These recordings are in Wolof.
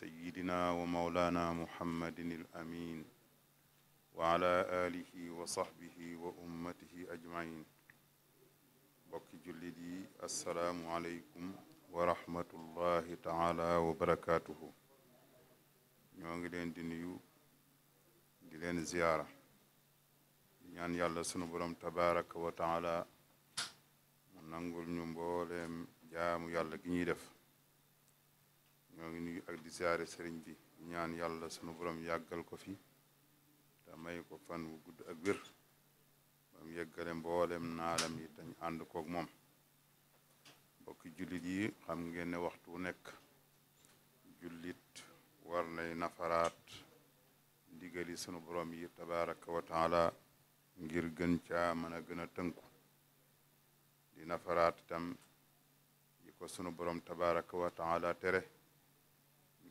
سيدنا ومولانا محمد الأمين وعلى آله وصحبه وأمته أجمعين bokki jullit yi assalaamu aleykum wa rahmatullahi taala wa barakaatuhu ñoo ngi leen di nuyu di leen ziyaara di ñaan yàlla sunu borom tabaraka wa taala mu nangul ñu mbooleem jaamu yàlla gi ñuy def ñoo ngi nuyu ak di ziare sëriñ bi ñaan yàlla sunu borom yàggal ko fi te may ko fan wu gudd ak wér bam yeggale mboolem naalam yi dañ ànd moom mbokki jullit yi xam ngeen ne waxtu nekk jullit war nay nafaraat ndigali sunu borom yi tabaraka wa ngir gën caa mën a gën a tënku di nafaraat tam yi ko sunu borom tabaraka wa tere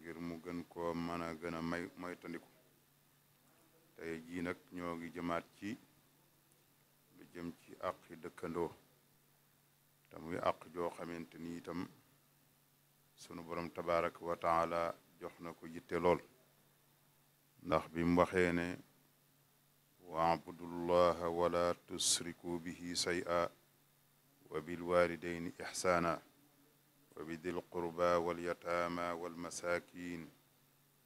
ngir mu gën koo mën a gën a may moytandiku tey jii nag ñoo ngi jëmaat ci lu jëm ci àqi dëkkandoo te muy àq joo xamante ni itam sunu borom tabaraka wa taala jox na ko yitte lool ndax bi mu wa ne waabudullaha wala tusriku bihi say a wa bilwalidaini ixsaana وبذي القربى واليتامى والمساكين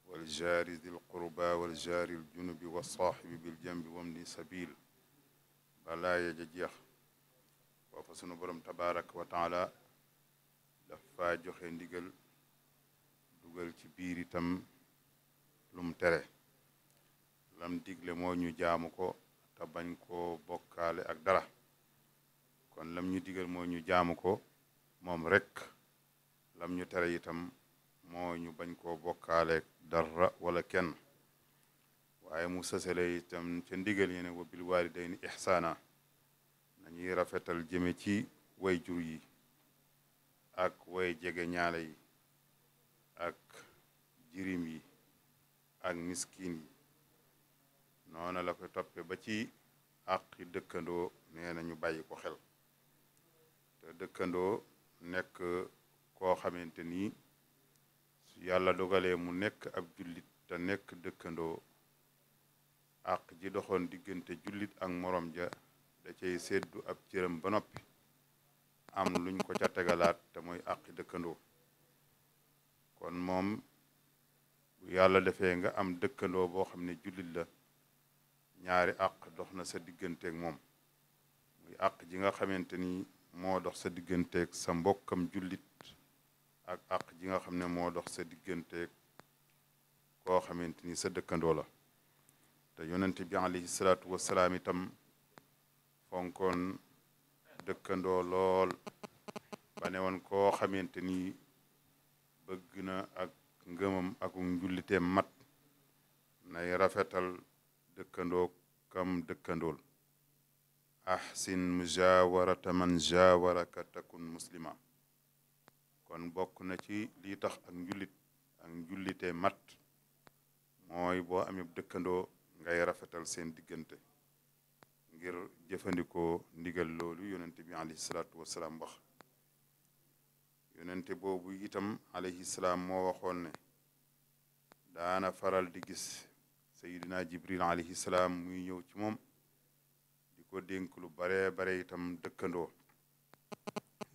والجار ذي القربى والجار الجنب والصاحب بالجنب وابن سبيل balaa ja jeex foofa sunu borom tabaaraka wa taala dafa joxe ndigal dugal ci biir itam lum tere lam digle moo ñu jaamu ko te bañ koo bokkaale ak dara kon lam ñu digal moo ñu jaamu ko moom rekk lam ñu tere itam moo ñu bañ koo bokkaale dara wala kenn waaye mu sësale itam ca ndigal yi ne wa bil waalidayni ixsaana nañuy rafetal jëme ci way jur yi ak way jege ñaale yi ak jirim yi ak miskin yi noona la koy toppe ba ci àqi dëkkandoo nee na ñu bàyyi ko xel te dëkkandoo nekk koo xamante ni su yàlla dogalee mu nekk ab jullit te nekk dëkkandoo àq ji doxoon diggante jullit ak moroom ja da cey seddu ab cëram ba noppi am luñ ko ca tegalaat te mooy àqi dëkkandoo kon moom bu yàlla defee nga am dëkkandoo boo xam ne jullit la ñaari àq dox na sa digganteek moom muy àq ji nga xamante ni moo dox sa digganteek sa mbokkam jullit ak ak ji nga xam ne moo dox sa diggante koo xamante ni sa dëkkandoo la te yonent bi alayhi salaatu wasalaam itam fonkoon dëkkandoo lool ba ne woon koo xamante ni bëgg na ak ngëmam ak njulliteem mat nay rafetal dëkkandoo kam dëkkandool ahsin mujaawarata man jaawaraka takun muslima kon bokk na ci li tax ak njulit ak njullite mat mooy boo amee dëkkandoo ngay rafetal seen diggante ngir jëfandikoo ndigal loolu yonente bi alayhi salaatu itam alayhi moo waxoon ne daana faral di gis sayidina jibril alayhi mu muy ñëw ci moom di ko dénk lu bare bare itam dëkkandoo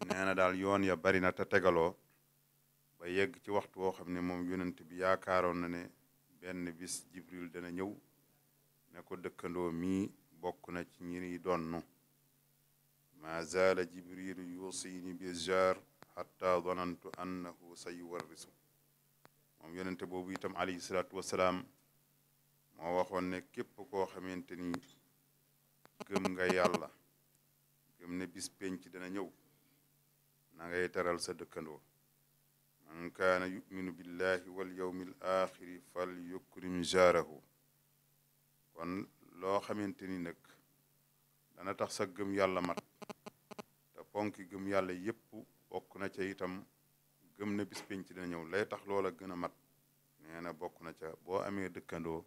nee na daal yoon ya bari na te tegaloo ba yegg ci waxtu woo xam ne moom yonent bi yaakaaroon na ne benn bis jibril dana ñëw ne ko dëkkandoo mii bokk na ci ñi donnu ma zaala jibrilu yuusini bi jaar xatta donantu annahu sa yuwarrisu moom yonente boobu itam alayhi salaatu wasalaam moo waxoon ne képp koo xamante ni gëm nga yàlla gëm ne bis penc dana ñëw na ngay teral sa dëkkandoo man kaana yuminu billahi wal yawmi l axiri fal yukrim jaarahu kon loo xamante ni nag dana tax sa gëm yàlla mat te ponki gëm yàlla yépp bokk na ca itam gëm na bis penc dina ñëw lay tax loola gën a mat nee na bokk na ca boo amee dëkkandoo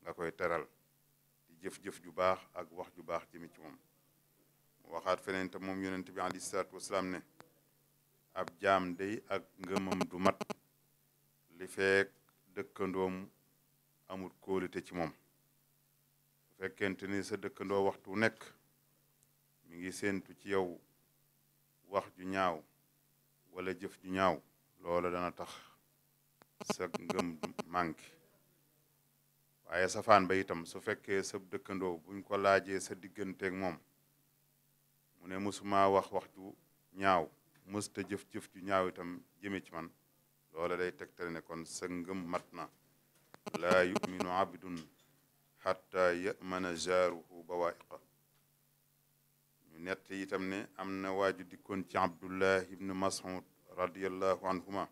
nga koy teral di jëf-jëf ju baax ak wax ju baax jëmi ci moom waxaat feneen te moom yonent bi alayhi salaatu wasalaam ne ab jaam day ak ngëmam du mat li feek dëkkandoom amul kóolite ci moom bu fekkente ni sa dëkkandoo waxtu nekk mi ngi séentu ci yow wax ju ñaaw wala jëf ju ñaaw loola dana tax sa ngëm manqué waaye safaan ba itam su fekkee sa dëkkandoo buñ ko laajee sa digganteeg moom mu ne mësuma wax wax ju ñaaw mësta jëf-jëf ju ñaaw itam jëme ci man loola day tegtale ne kon sa ngëm mat na laa yuminu abdun xatta yamana jaaruhu bawaiqa ñu nett ne am na waaju dikkoon ci abdullah ibnu mas'ud radiallahu anhuma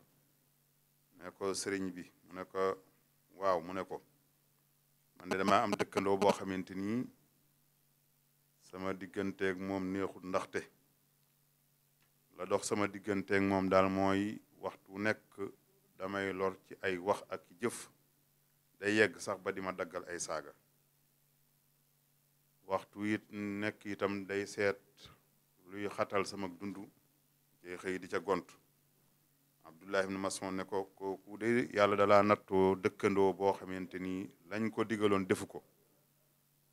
mu ne ko sëriñ bi mu ne ko waaw mu ne ko man de dama am dëkkandoo boo xamante nii sama digganteeg moom neexut ndaxte la dox sama digganteeg moom daal mooy waxtu nekk damay lor ci ay wax ak jëf day yegg sax ba di ma daggal ay saaga waxtu it nekk itam day seet luy xatal sama dund ci xëy di ca gont Abdullah ibn Mas'ud ne ko kooku de yàlla dalaa nattoo dëkkandoo boo xamante ni lañ ko digaloon defu ko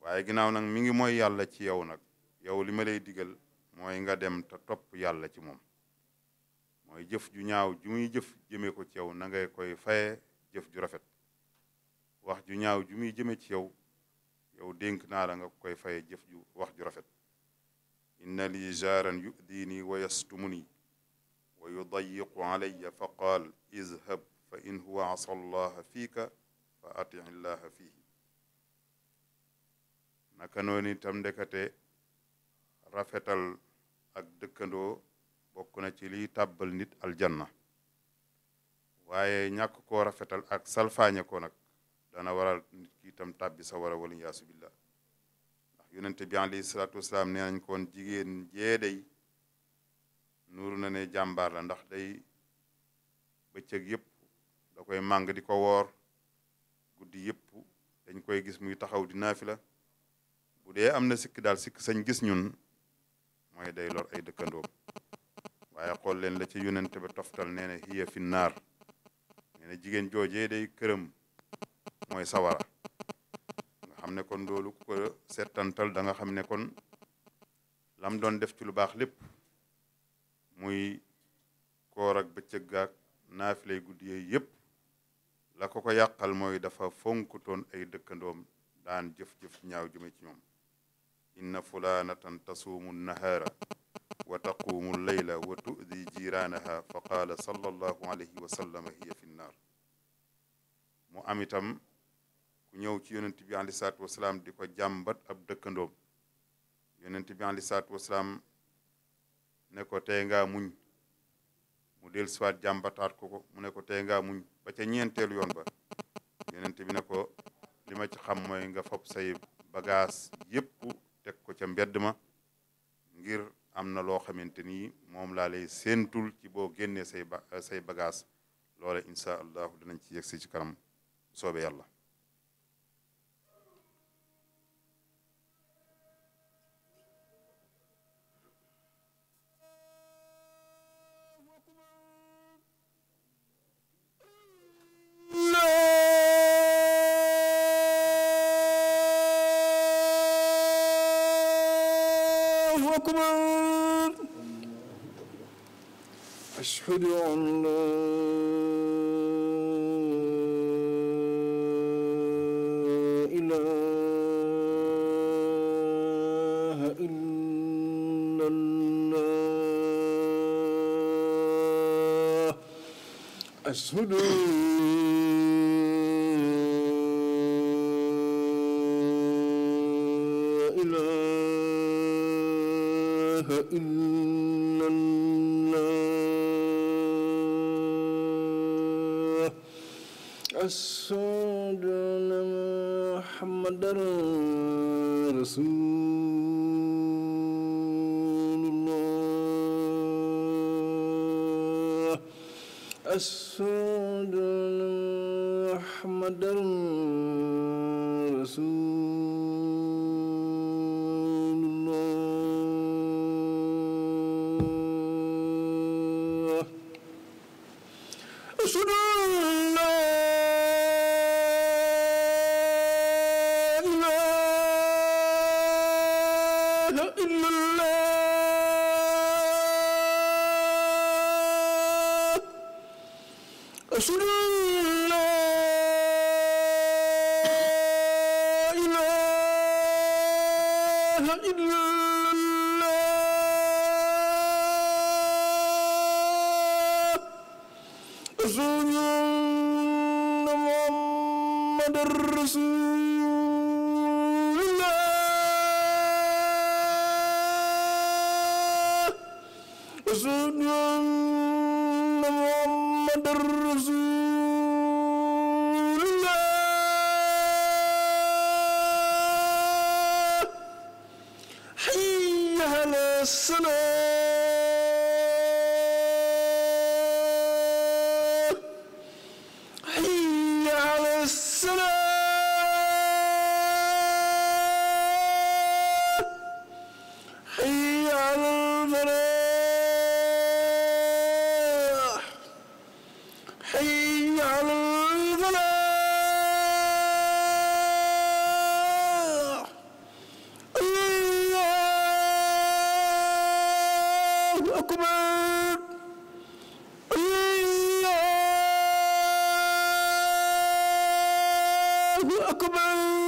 waaye ginnaaw nag mi ngi yàlla ci yow nag yow li ma lay digal mooy nga dem te topp yàlla ci moom mooy jëf ju ñaaw ju muy jëf ko ci yow na koy faye jëf ju rafet wax ju ñaaw ju muy jëme ci yow yow dénk naa la nga koy faye jëf ju wax ju rafet inna lii jaaran yudiini wa yastumuni wa yudayiqu alayya fa qaal izhab fa in huwa asa allaha fiika fa ati llaha fiihi naka noonu itam ndekate rafetal ak dëkkandoo bokk na ci liy tàbbal nit aljanna waaye ñàkk koo rafetal ak salfaañe nag dana waral nit ki itam tàbbi sa wara wala yaasu billah ndax yonente bi alayhi salaatu wasalaam jigéen jeeday nuru na ne ndax day bëccëg yëpp da koy màng di ko woor guddi yëpp dañ koy gis muy taxaw di naafila bu dee am na sikk daal sikk sañ gis ñun mooy day lor ay dëkkandoom waaye xool leen la ci yonent ba toftal nee na hiya fi naar nee na jigéen joojee day këram mooy sawara nga xam ne kon loolu ku ko settantal da nga xam ne kon lam doon def ci lu baax lépp muy koor ak bëccëg gaak naafilay guddi yooyu yépp la ko ko yàqal mooy dafa fonkutoon ay dëkkandoom daan jëf-jëf ñaaw jëme ci ñoom inna fulaanatan tasuumu nahaara wa taquumu leyla wa tudi jiraanaha fa qaala sallallahu alayhi wa fi nnaar mu am itam ku ñëw ci yonent bi alei salaatu wasalaam di ko jàmbat ab dëkkandoom yonent bi alei salaatu wasalaam ne ko tey ngaa muñ mu del siwaat jàmbataat ko ko mu ne ko tey muñ ba ca ñeenteelu yoon ba yonent bi ne ko li ci xam mooy nga fob say bagaas yépp ca mbedd ma ngir am na loo xamante ni moom laa lay séentul ci boo génnee say ba say bagage loola incha allahu dinañ ci yegsi ci kanam soobe yàlla sonore أكبر الله أكبر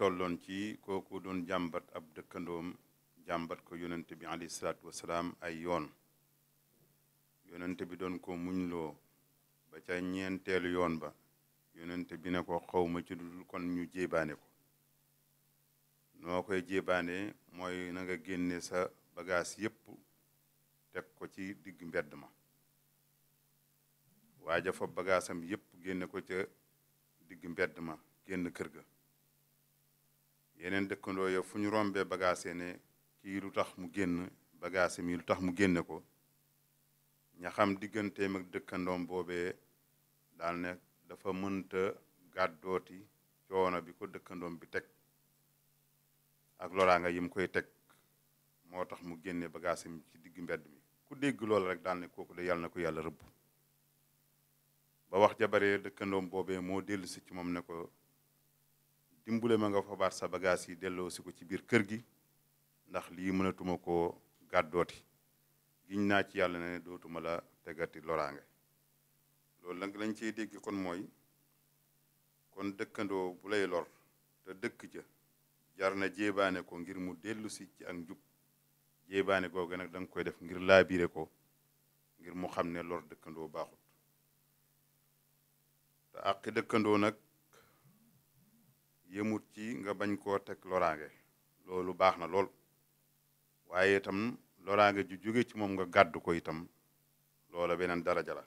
tolloon ci kooku doon jàmbat ab dëkkandoom jàmbat ko yonent bi alayhi salaatu wasalaam ay yoon yonent bi doon ko muñloo ba ca ñeenteelu yoon ba yonent bi na ko xawma ci dul kon ñu jébaane ko noo koy jébaane mooy nanga nga génne sa bagaas yépp teg ko ci digg mbedd ma waaja fa bagaasam yépp génne ko ca digg mbedd ma génn kër ga yeneen dëkkandoo yow fu ñu rombee bagaase ne kii lu tax mu génn bagaase mi lu tax mu génne ko ñaxam digganteem ak dëkkandoom boobee daal ne dafa mënta gàddooti coono bi ko dëkkandoom bi teg ak loraanga yi mu koy teg moo tax mu génne bagaase mi ci digg mbedd mi ku dégg loolu rek daal ne kooku de yàlla na ko yàlla rëbb ba wax jabaree dëkkandoom boobee moo dellu si ci moom ne ko dimbule ma nga fobaat sa bagage yi delloo si ko ci biir kër gi ndax lii mënatuma ko gàddooti giñ naa ci yàlla ne dootuma la tegati loraange loolu nag lañ cey dégg kon mooy kon dëkkandoo bu te dëkk ja jar na jéebaane ko ngir mu dellu si ci ak njub jéebaane googu nag da koy def ngir laabiire ko ngir mu xam ne lor dëkkandoo baaxut te àqi dëkkandoo nag yëmut ci nga bañ koo teg loraange loolu baax na lool waaye itam loraange ju jóge ci moom nga gàddu ko itam loola beneen daraja jala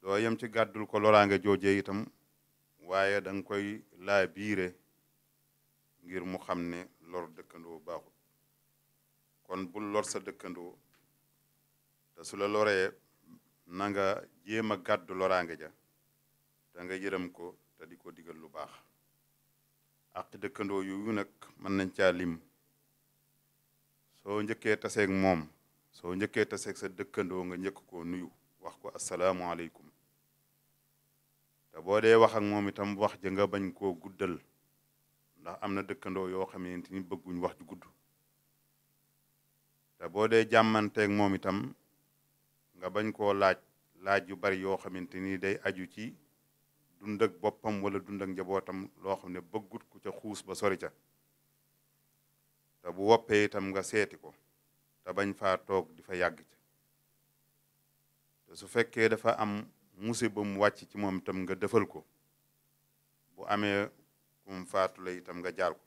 doo yem ci gàddul ko loraange joojee itam waaye da koy laa biire ngir mu xam ne lor dëkkandoo baaxul kon bul lor sa dëkkandoo te sula la loree na nga jéem a gàddu loraange ja te nga yërëm ko te di ko digal lu baax àqi dëkkandoo yooyu nag mën nañ caa lim soo njëkkee taseek moom soo njëkkee taseek sa dëkkandoo nga njëkk koo nuyu wax ko asalaamualeykum te boo dee wax ak moom itam wax ja bañ koo guddal ndax am na dëkkandoo yoo xamante ni bëgguñ wax ju gudd te boo dee jàmmanteeg moom itam nga bañ koo laaj laaj yu bari yoo xamante ni day aju ci dund ak boppam wala dundak ak njabootam loo xam ne bëggut ku ca xuus ba sori ca te bu woppee itam nga seeti ko te bañ fa toog di fa yàgg ca su fekkee dafa am musiba mu wàcc ci moom itam nga defal ko bu amee kum faatu la itam nga jaal ko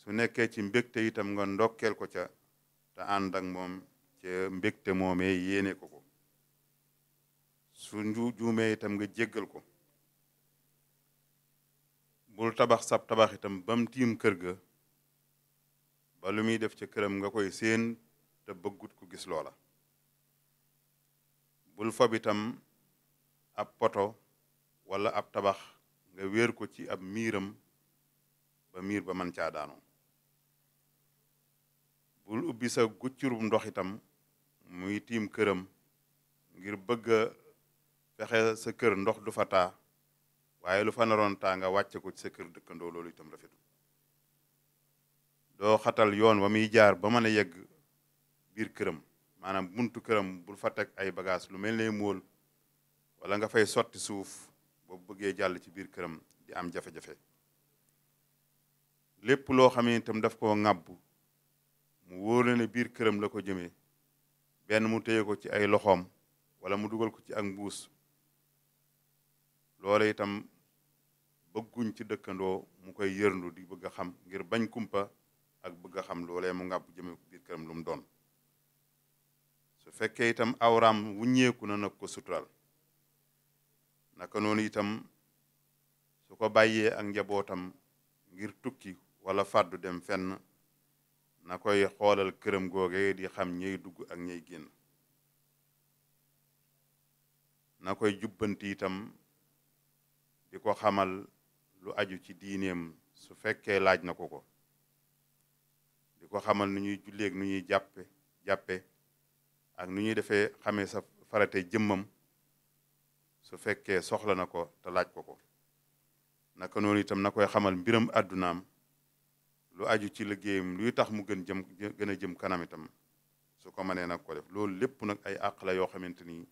su nekkee ci mbégte itam nga ndokkeel ko ca te ànd moom ca mbégte moomee yéene ko su nju juumee itam nga jéggal ko bul tabax sab tabax itam bam tiim kër ga ba lu muy def ca këram nga koy séen te bëggut ko gis loola bul fab itam ab poto wala ab tabax nga wéer ko ci ab miiram ba miir ba man caa daanoo bul ubbi sa guccurub ndox muy tiim këram ngir bëgga fexe sa kër ndox du fa taa waaye lu fa naroon taa nga wàcce ko ci sa kër dëkkandoo loolu itam rafetul doo xatal yoon wa muy jaar ba mën a yegg biir këram maanaam buntu këram bul fa teg ay bagage lu mel ne móol wala nga fay sotti suuf boobu bëggee jàll ci biir këram di am jafe-jafe lépp loo xam itam daf koo ŋàbb mu wóor ne biir këram la ko jëme benn mu téye ko ci ay loxoom wala mu dugal ko ci ak mbuus loola itam bëgguñ ci dëkkandoo mu koy yërndu di bëgg a xam ngir bañ kumpa ak bëgga xam loolee mu ngàbb jëme ko biir këram lu doon su fekkee itam awraam wuññeeku na nag ko sutural naka noonu itam su ko bàyyee ak njabootam ngir tukki wala fàddu dem fenn na koy xoolal këram googe di xam ñey dugg ak ñey génn na koy jubbanti itam di ko xamal lu aju ci diineem su fekkee laaj na ko ko di ko xamal nu ñuy julleeg nu ñuy jàppe jàppe ak nu ñuy defee xamee sa farate jëmmam su fekkee soxla na ko te laaj ko ko naka noonu itam na koy xamal mbiram àddunaam lu aju ci liggéeyam luy tax mu gën jëm gën a jëm kanam itam su ko mënee nag ko def loolu lépp nag ay àq la yoo xamante ni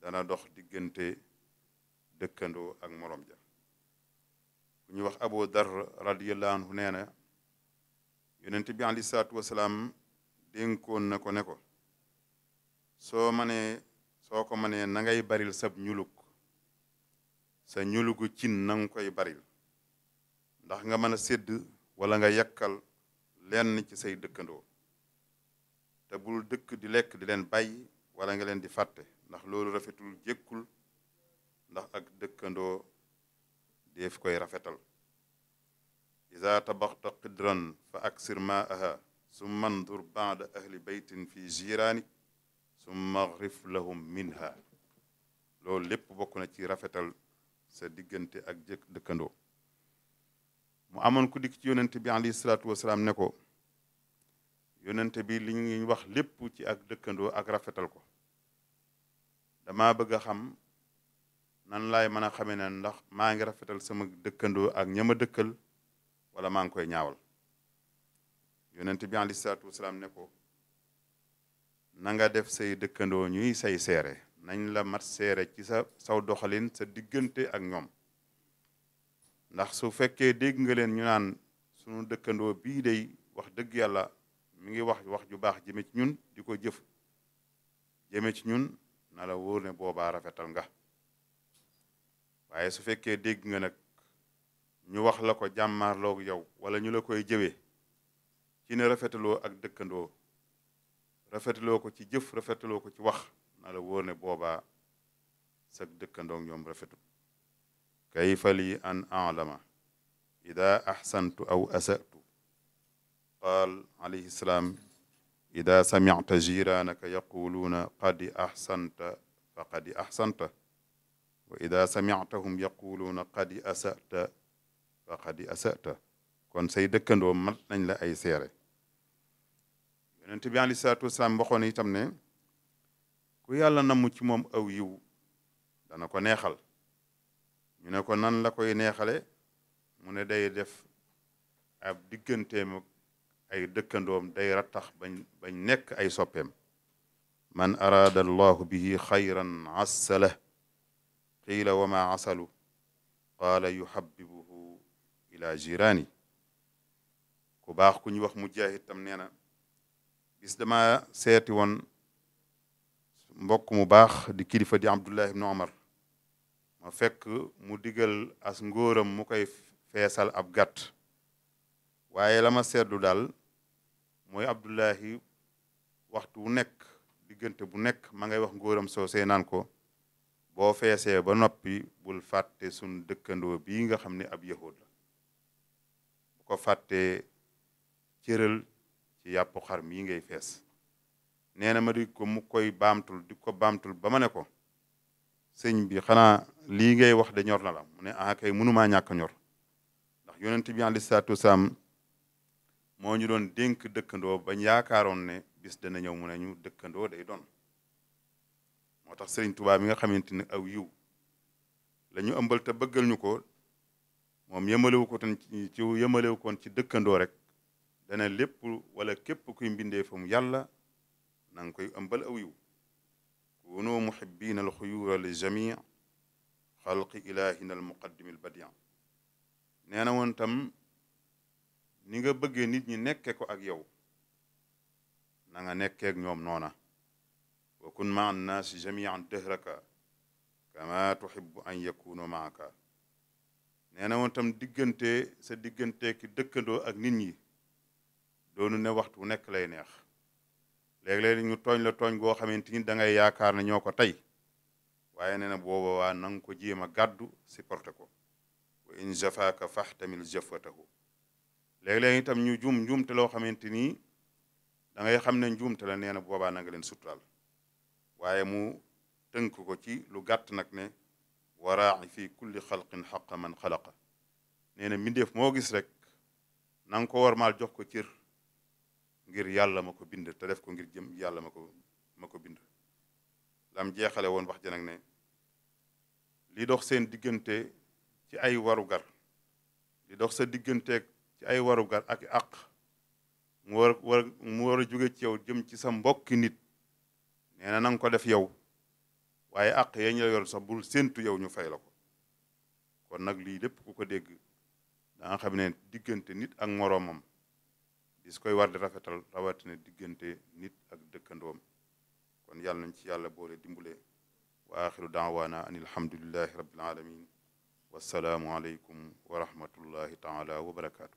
dana dox diggante dëkkandoo ak morom ja ku ñuy wax abu dar radiyallahu anhu nee na yonent bi alei salaatu wasalaam dénkoon na ko ne ko soo manee soo ko manee nangay ngay baril sab ñulug sa ñulugu cin na koy baril ndax nga mën a sédd wala nga yakkal lenn ci say dëkkandoo te bul dëkk di lekk di leen bàyyi wala nga leen di fàtte ndax loolu rafetul jékkul ndax ak dëkkandoo déef koy rafetal isa tabaxta qidran fa aksir maaha summa andur baada ahli beytin fi jiraani summa agrif lahum minha loolu lépp bokk na ci rafetal sa diggante ak jëkk dëkkandoo mu amoon ku dikk ci yonente bi alayhi salaatu wasalaam ne ko yonente bi li ñuy wax lépp ci ak dëkkandoo ak rafetal ko dama bëgg xam nan laay mën a xamee ne ndax maa ngi rafetal sama dëkkandoo ak ñama dëkkal wala maa ngi koy ñaawal yonent bi aleyhi salaatu wasalaam ne ko na nga def say dëkkandoo ñuy say seere nañ la mat seere ci sa saw doxalin sa diggante ak ñoom ndax su fekkee dégg nga leen ñu naan sunu dëkkandoo bii day wax dëgg yàlla mi ngi wax wax ju baax jëme ci ñun di ko jëf jëme ci ñun na la wóor ne boobaa rafetal nga waaye su fekkee dégg nga nag ñu wax la ko jàmmaarloog yow wala ñu la koy jëwee ci ne rafetaloo ak dëkkandoo rafetaloo ko ci jëf rafetaloo ko ci wax na la wóor ne boobaa sag dëkkandoog ñoom rafetul kayfa lii an alama ida axsantu aw asatu qaal alayhi salaam ida samicta jiraanaka yaquluuna qad axsanta faqad axsanta wa ida samiatahum yaquluuna qad asata fa qad asata kon sey dëkkandoo mat nañ la ay seere yonent bi alei salatu wasalaam ne ku yàlla namu ci moom aw yiw dana ko neexal ñu ne ko nan la koy neexale mu ne day def ab digganteem ay dëkkandoom day rattax bañ nekk ay soppeem man araada allahu bihi xayran assala qiila wa ma asalu qaala yuhabbibuhu ila jiraani ku baax ku ñu wax mujahid tam nee na bis dama seeti woon mbokk mu baax di kilifa di abdullah ibn omar ma fekk mu digal as ngóoram mu koy feesal ab gàtt waaye la ma seetlu daal mooy abdullahi waxtu wu nekk diggante bu nekk ma ngay wax ngóoram soosee naan ko boo feesee ba noppi bul fàtte suñ dëkkandoo bii nga xam ne ab yahud la bu ko fàttee cëral ci yàppu xar mii ngay fees nee na ma di ko mu koy baamtul di ko baamtul ba ma ne ko sëñ bi xanaa lii ngay wax de ñor na la mu ne ah kay mënumaa ñàkk ñor ndax yonent bi alayhi salaatu moo ñu doon dénk dëkkandoo bañ yaakaaroon ne bis dana ñëw mu ne ñu dëkkandoo day doon moo tax sëriñ Tuubaa mi nga xamante ne aw yiw la ñu ëmbal te bëggal ñu ko moom yemalewu ko tan ci yemalewu koon ci dëkkandoo rek dana lépp wala képp kuy mbindee fa mu yàlla na nga koy ëmbal aw yiw kunoo muhibbina alxuyuura li jamii xalqi ilahina almuqaddimi albadian nee na woon tam ni nga bëggee nit ñi nekke ko ak yow na nga nekkee ñoom noona wa kun maa annaasi jamian dëhraka kama tuhibu an yakunu maaka nee na tam diggante sa diggante ki dëkkandoo ak nit ñi doonu ne waxtu nekk lay neex léeg-léeg ñu tooñ la tooñ goo xamante ni da ngay yaakaar ne ñoo ko tey waaye nee na booba waa na ko jéem a gàddu supporté ko wa in jafaaka faxtamil jafatahu léeg-léeg itam jum njuumte loo xamante ni da xam ne njuumte la nee na boobaa na nga leen suturaal waaye mu tënk ko ci lu gàtt nag ne waraaci fi kulli xalqin xaqa man xalaqa nee na mbindeef moo gis rek na ko war maal jox ko cir ngir yàlla ma ko bind te def ko ngir jëm yàlla ma ko ma ko bind lam jeexale woon wax ji ne li dox seen diggante ci ay warugar li dox sa digganteeg ci ay warugar ak àq mu war mu war a jóge ci yow jëm ci sa mbokki nit nee na nanga ko def yow waaye àq ya ñu la yor sax bul séentu yow ñu fay la ko kon nag lii lépp ku ko dégg da nga xam ne diggante nit ak moroomam dis koy war di rafetal rawatina diggante nit ak dëkkandoom kon yàlla nañ ci yàlla boole dimbule wa axiru daawaana an alhamdulillahi rabbil alamin wassalaamu aleykum wa rahmatullahi taala wa barakaatu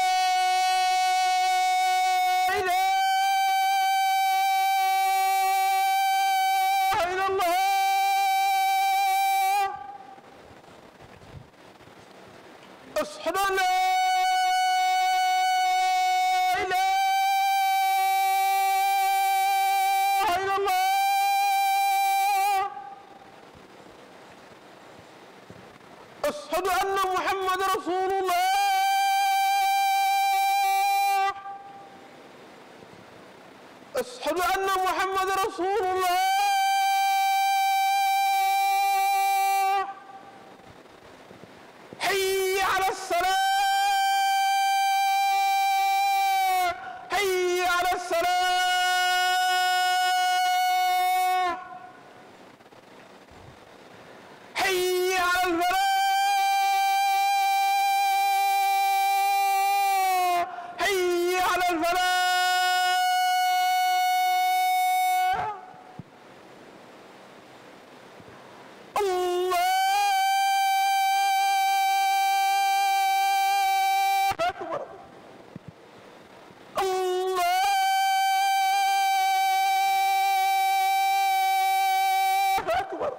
akbar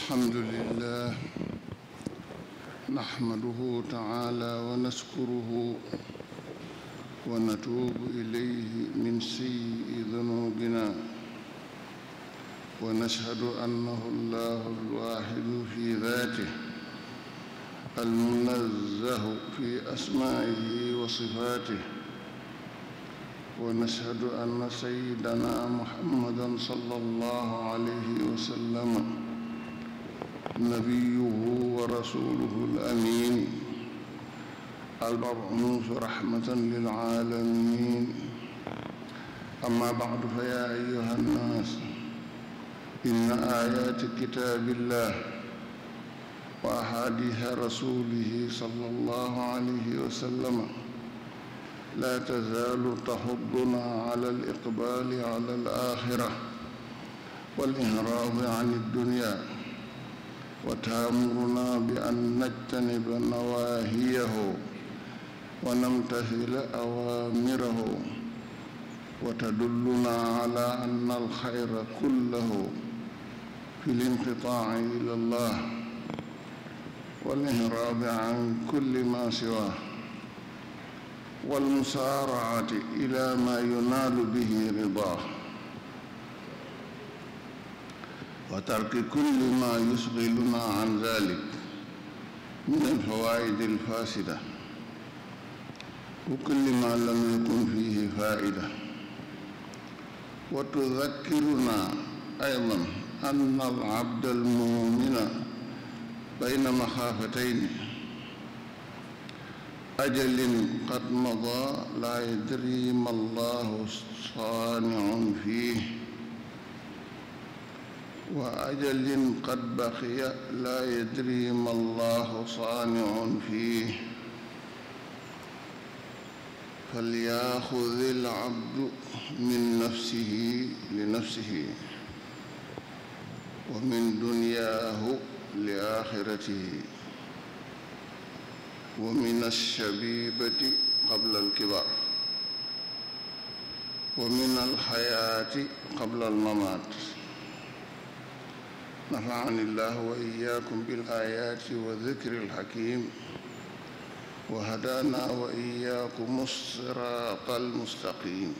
الحمد لله نحمده تعالى ونشكره ونتوب إليه من سيء ذنوبنا ونشهد أنه الله الواحد في ذاته المنزه في أسمائه وصفاته ونشهد أن سيدنا محمدا صلى الله عليه وسلم نبيه ورسوله الأمين المبعوث رحمة للعالمين أما بعد فيا أيها الناس إن آيات كتاب الله وأحاديث رسوله صلى الله عليه وسلم لا تزال تحضنا على الإقبال على الآخرة والإنحراف عن الدنيا وتأمرنا بأن نجتنب نواهيه ونمتثل أوامره وتدلنا على أن الخير كله في الانقطاع إلى الله والإهراب عن كل ما سواه والمسارعة إلى ما ينال به رضاه wa tarki kulli ma yushghiluna an dhalik min alfawaid alfasida wa kulli ma lam yakun fihi faida wa tudhakkiruna aydan anna al-abda al-mu'mina bayna maxaafatayni ajalin qad madaa laa yadri ma allahu saani'un fiihi وأجل قد بقي لا يدري ما الله صانع فيه فليأخذ العبد من نفسه لنفسه ومن دنياه لآخرته ومن الشبيبة قبل الكبر ومن الحياة قبل الممات نفعني الله وإياكم بالآيات والذكر الحكيم وهدانا وإياكم الصراط المستقيم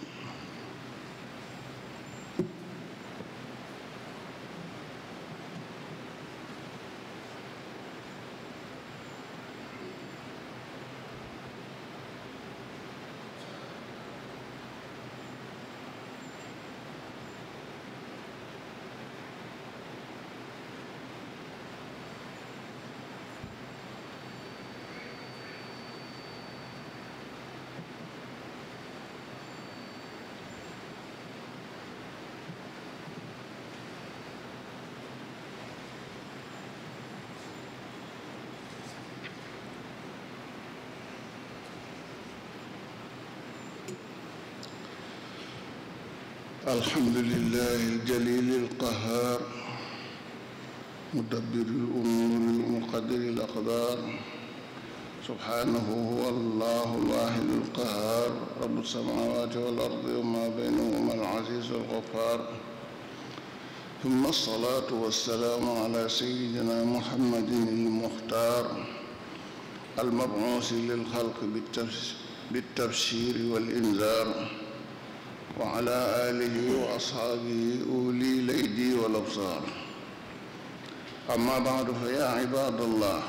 الحمد لله الجليل القهار مدبر الأمور المقدر الأقدار سبحانه هو الله الواحد القهار رب السماوات والأرض وما بينهما العزيز الغفار ثم الصلاة والسلام على سيدنا محمد المختار المبعوث للخلق بالتبشير والإنذار wa ala alihi wa ashaabihi uli laydi wal absaar amma baadu fa yaa ibaadallah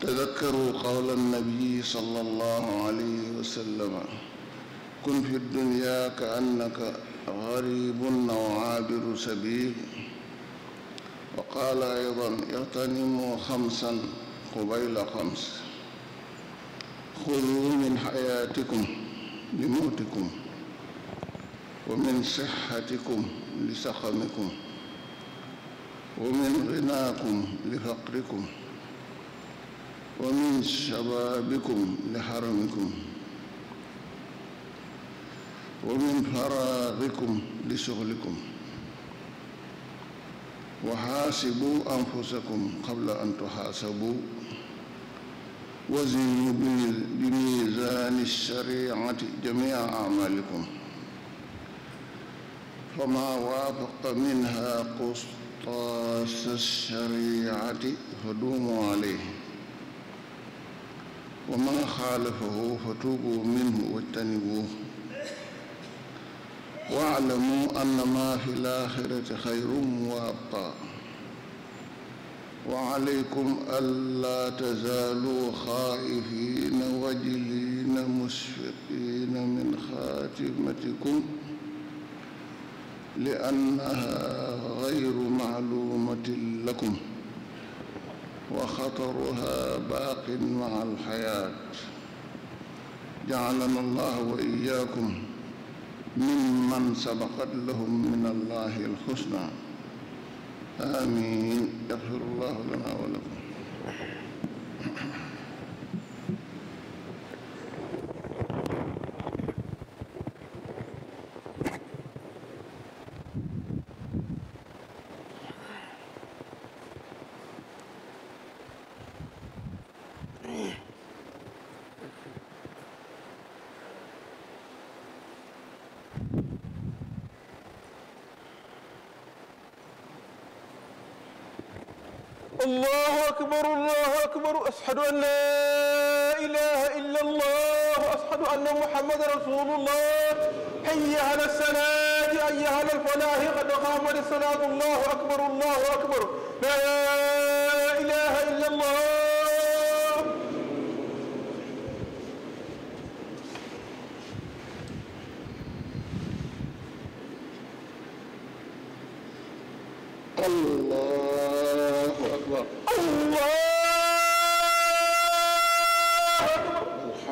tadakkaru qawla nabii sallallahu alayhi wa sallam kun fi dunya ka annaka gariibun aw aabiru sabiil wa qaala aydan ightanimu xamsan qubayla xams xuduu min xayaatikum li mawtikum wa min sihhatikum li saxamikum wa min ginaakum li faqrikum wa min shababikum li haramikum wa min faraagikum li suxlikum wa xaasibu anfusakum qabla an tuxaasabu wazinu bi miizaani shariati jamia amalikum وما وافق منها قسطاس الشريعة فدوموا عليه وما خالفه فتوبوا منه واجتنبوه واعلموا أن ما في الآخرة خير وأبقى وعليكم ألا تزالوا خائفين وجلين مشفقين من خاتمتكم لأنها غير معلومة لكم وخطرها باق مع الحياة جعلنا الله وإياكم ممن سبقت لهم من الله الحسنى آمين يغفر الله لنا ولكم allahu akbar allahu akbar ashhadu an la ilaha illa allah ashhadu anna muhammadan rasulullah hayya ala salat hayya ala alfalah qad qamat salat allahu akbar allahu akbar la ilaha illa allah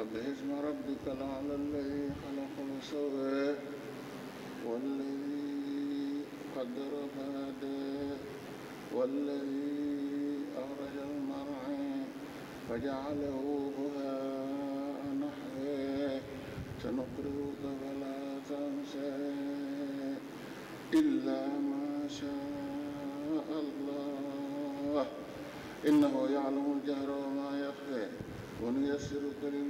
سبح اسم ربك الأعلى الذي خلق فسوى والذي قدر فهدى والذي أخرج المرعى فجعله هباء نحوه سنقرئك فلا تنسى إلا ما شاء الله إنه يعلم الجهر وما يخفى ونيسرك للمسلمين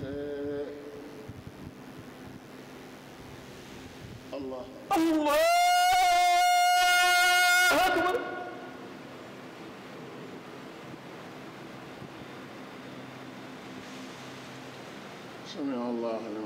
الله الله أكبر سمع الله لمن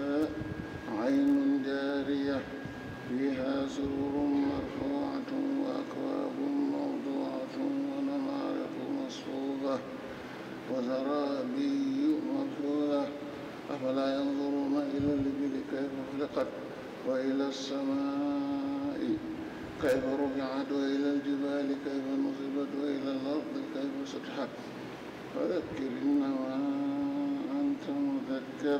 عين جارية فيها سرر مرفوعة وأكواب موضوعة ونمارق مصفوفة وزرابي مبثوثة أفلا ينظرون إلى الإبل كيف خلقت وإلى السماء كيف رفعت وإلى الجبال كيف نصبت وإلى الأرض كيف سطحت فذكر إنما أنت مذكر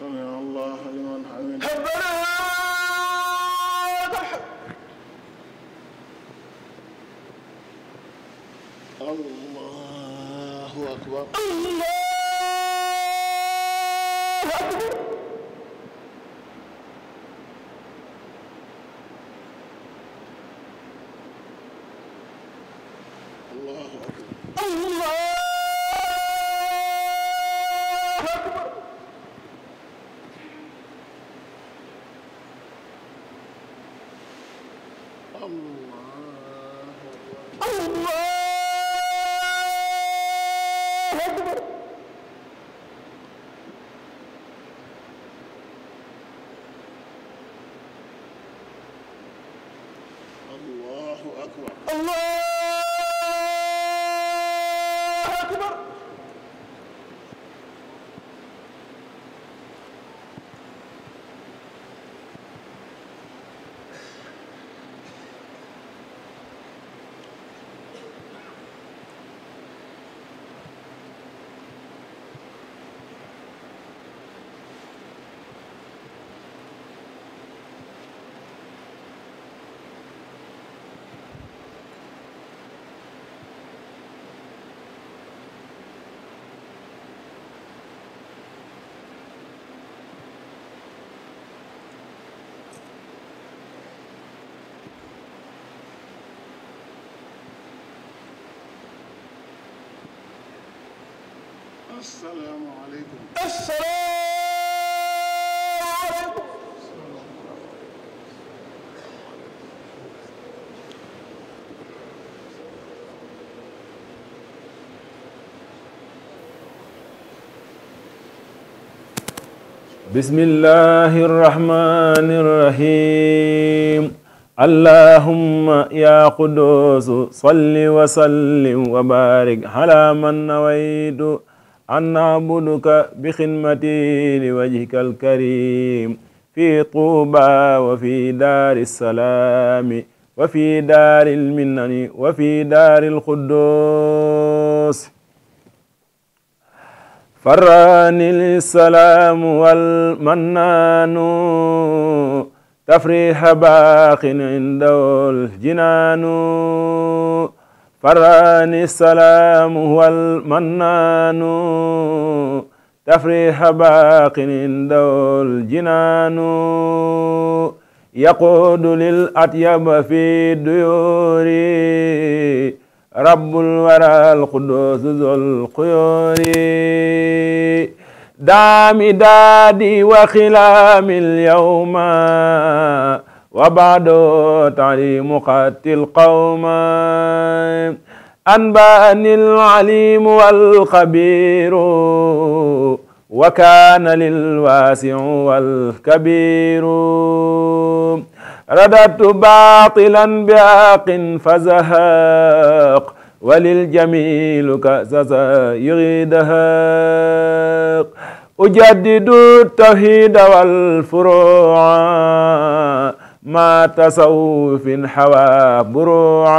سمع الله لمن حمده ربنا الله أكبر الله الله أكبر asalaamaaleykum asalaamaaleykum بسم الله الرحمن الرحيم اللهم يا قدوس صل وسلم وبارك على من نويت an naabuduka bi xidmati li alkarim fi tuuba wa fi daari salaami wa fi daari lminnani wa fi daari lquddus farani lsalaamu walmannaanu tafriha baaqin indahu ljinaanu فراني السلام هو المنان تفريح باق عنده الجنان يقود للأطيب في الديور رب الورى القدوس ذو القيور دام دادي وخلام اليوم wa baado talimuqatil qawma anbaani alalimu walxabiru wa kaana lilwaasiu walkabiru radatu baatilan biaqin fazahaq waliljamilu kazaza yuridahaq ujaddidu tawhida walfuruca ما تصوف حوى بروعا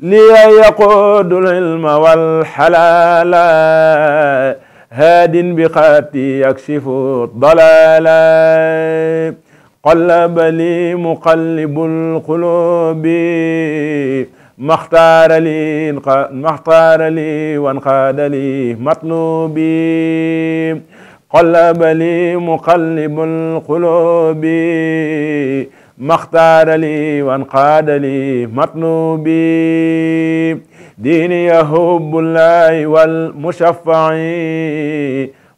لي يقود العلم والحلال هاد بخاتي يكشف الضلال قلب لي مقلب القلوب ما اختار لي ما اختار لي وانقاد لي مطلوبي قلب لي مقلب القلوب مختار لي وانقاد لي مطلوبي ديني يهب الله والمشفع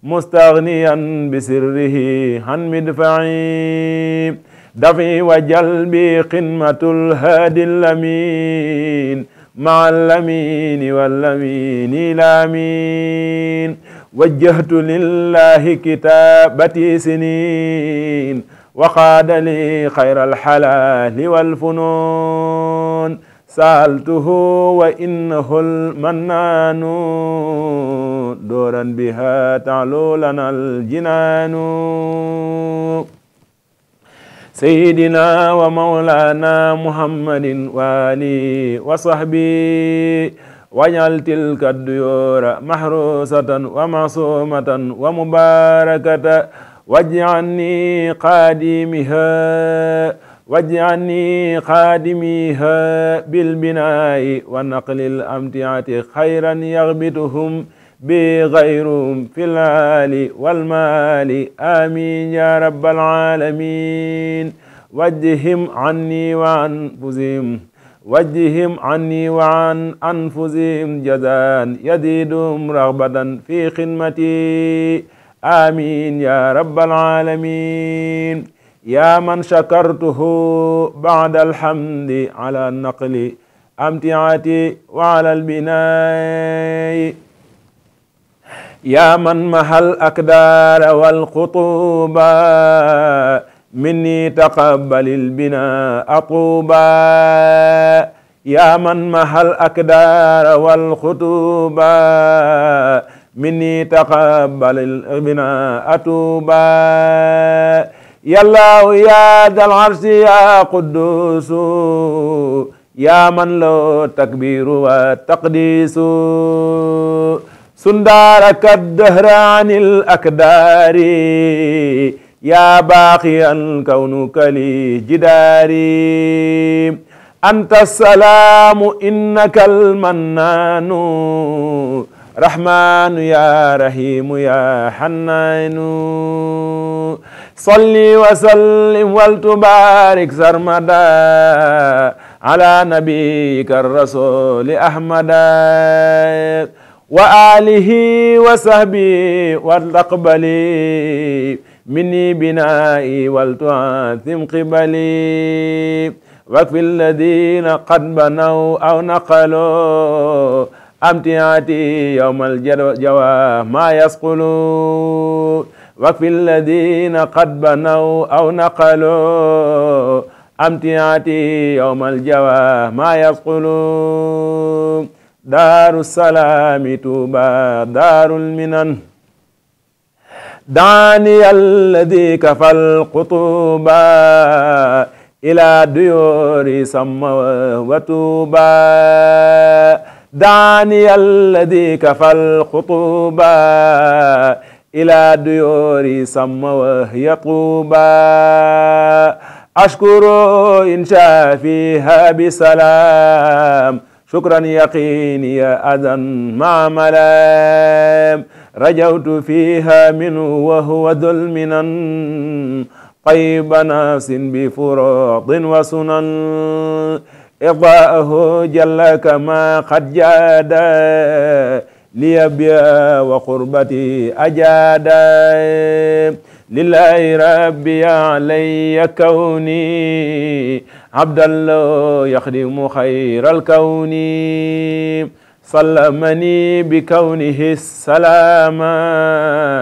مستغنيا بسره عن مدفعي دفي وجلبي قمة الهادي اللمين مع اللمين واللمين لامين wajjahtu lillahi kitaabati sinin waqaada li xayra alxalaali walfunoon saaltuhu wa innahu lmannaanu dooran biha taaluulana aljinaanu sayyidina wa mawlaana muhammadin wa ali wa sahbi wajal tilka duyura mahrusatan wa masumatan wa mubarakata waj'alni qadimiha waj'alni qadimiha bil bina'i wa naqlil amtiati khayran yaghbituhum bi ghayrum fil ali wal mali amin ya rabbal alamin wajhim anni wa anfusihim wajjihim anni wa an anfusihim jazaan yazidum ragbatan fi xidmati amin ya rabbal alamin ya man shakartuhu ba'da alhamdi ala naqli amtiati wa ala albinai ya man mahal akdara walqutuba مني تقبل البناء طوبى يا من محى الأكدار والخطوبى مني تقبل البناء طوبى يا الله يا ذا العرش يا قدوس يا من له التكبير والتقديس سندارك الدهر عن الأكدار يا باقيا كونك لي جداري أنت السلام إنك المنان رحمن يا رحيم يا حنان صلي وسلم ولتبارك سرمدا على نبيك الرسول أحمد وآله وصحبه والأقبلين مني بنائي ولتعاثم قبلي واكفي الذين قد بنوا أو نقلوا أمتعتي يوم الجواب ما يسقلون واكفي الذين قد بنوا أو نقلوا أمتعتي يوم الجواب ما يسقلون دار السلام توبى دار المنن daaniya alladi kafal qutuba ila duyoori samma wa tuuba daaniya alladi kafal qutuba ila duyoori samma wa hiya tuuba ashkuru insha fiha bisalaam shukran yaqiini ya adan maamalam rajawtu fiha minhu wa huwa dulminan qayba naasin bi furadin wa sunan idaahu jalla kama qad jaada liyabiya wa qurbati ajaada lillahi rabbi alayya kawni abdallah yaxdimu xayral kawni sallamani bi kawnihi salaama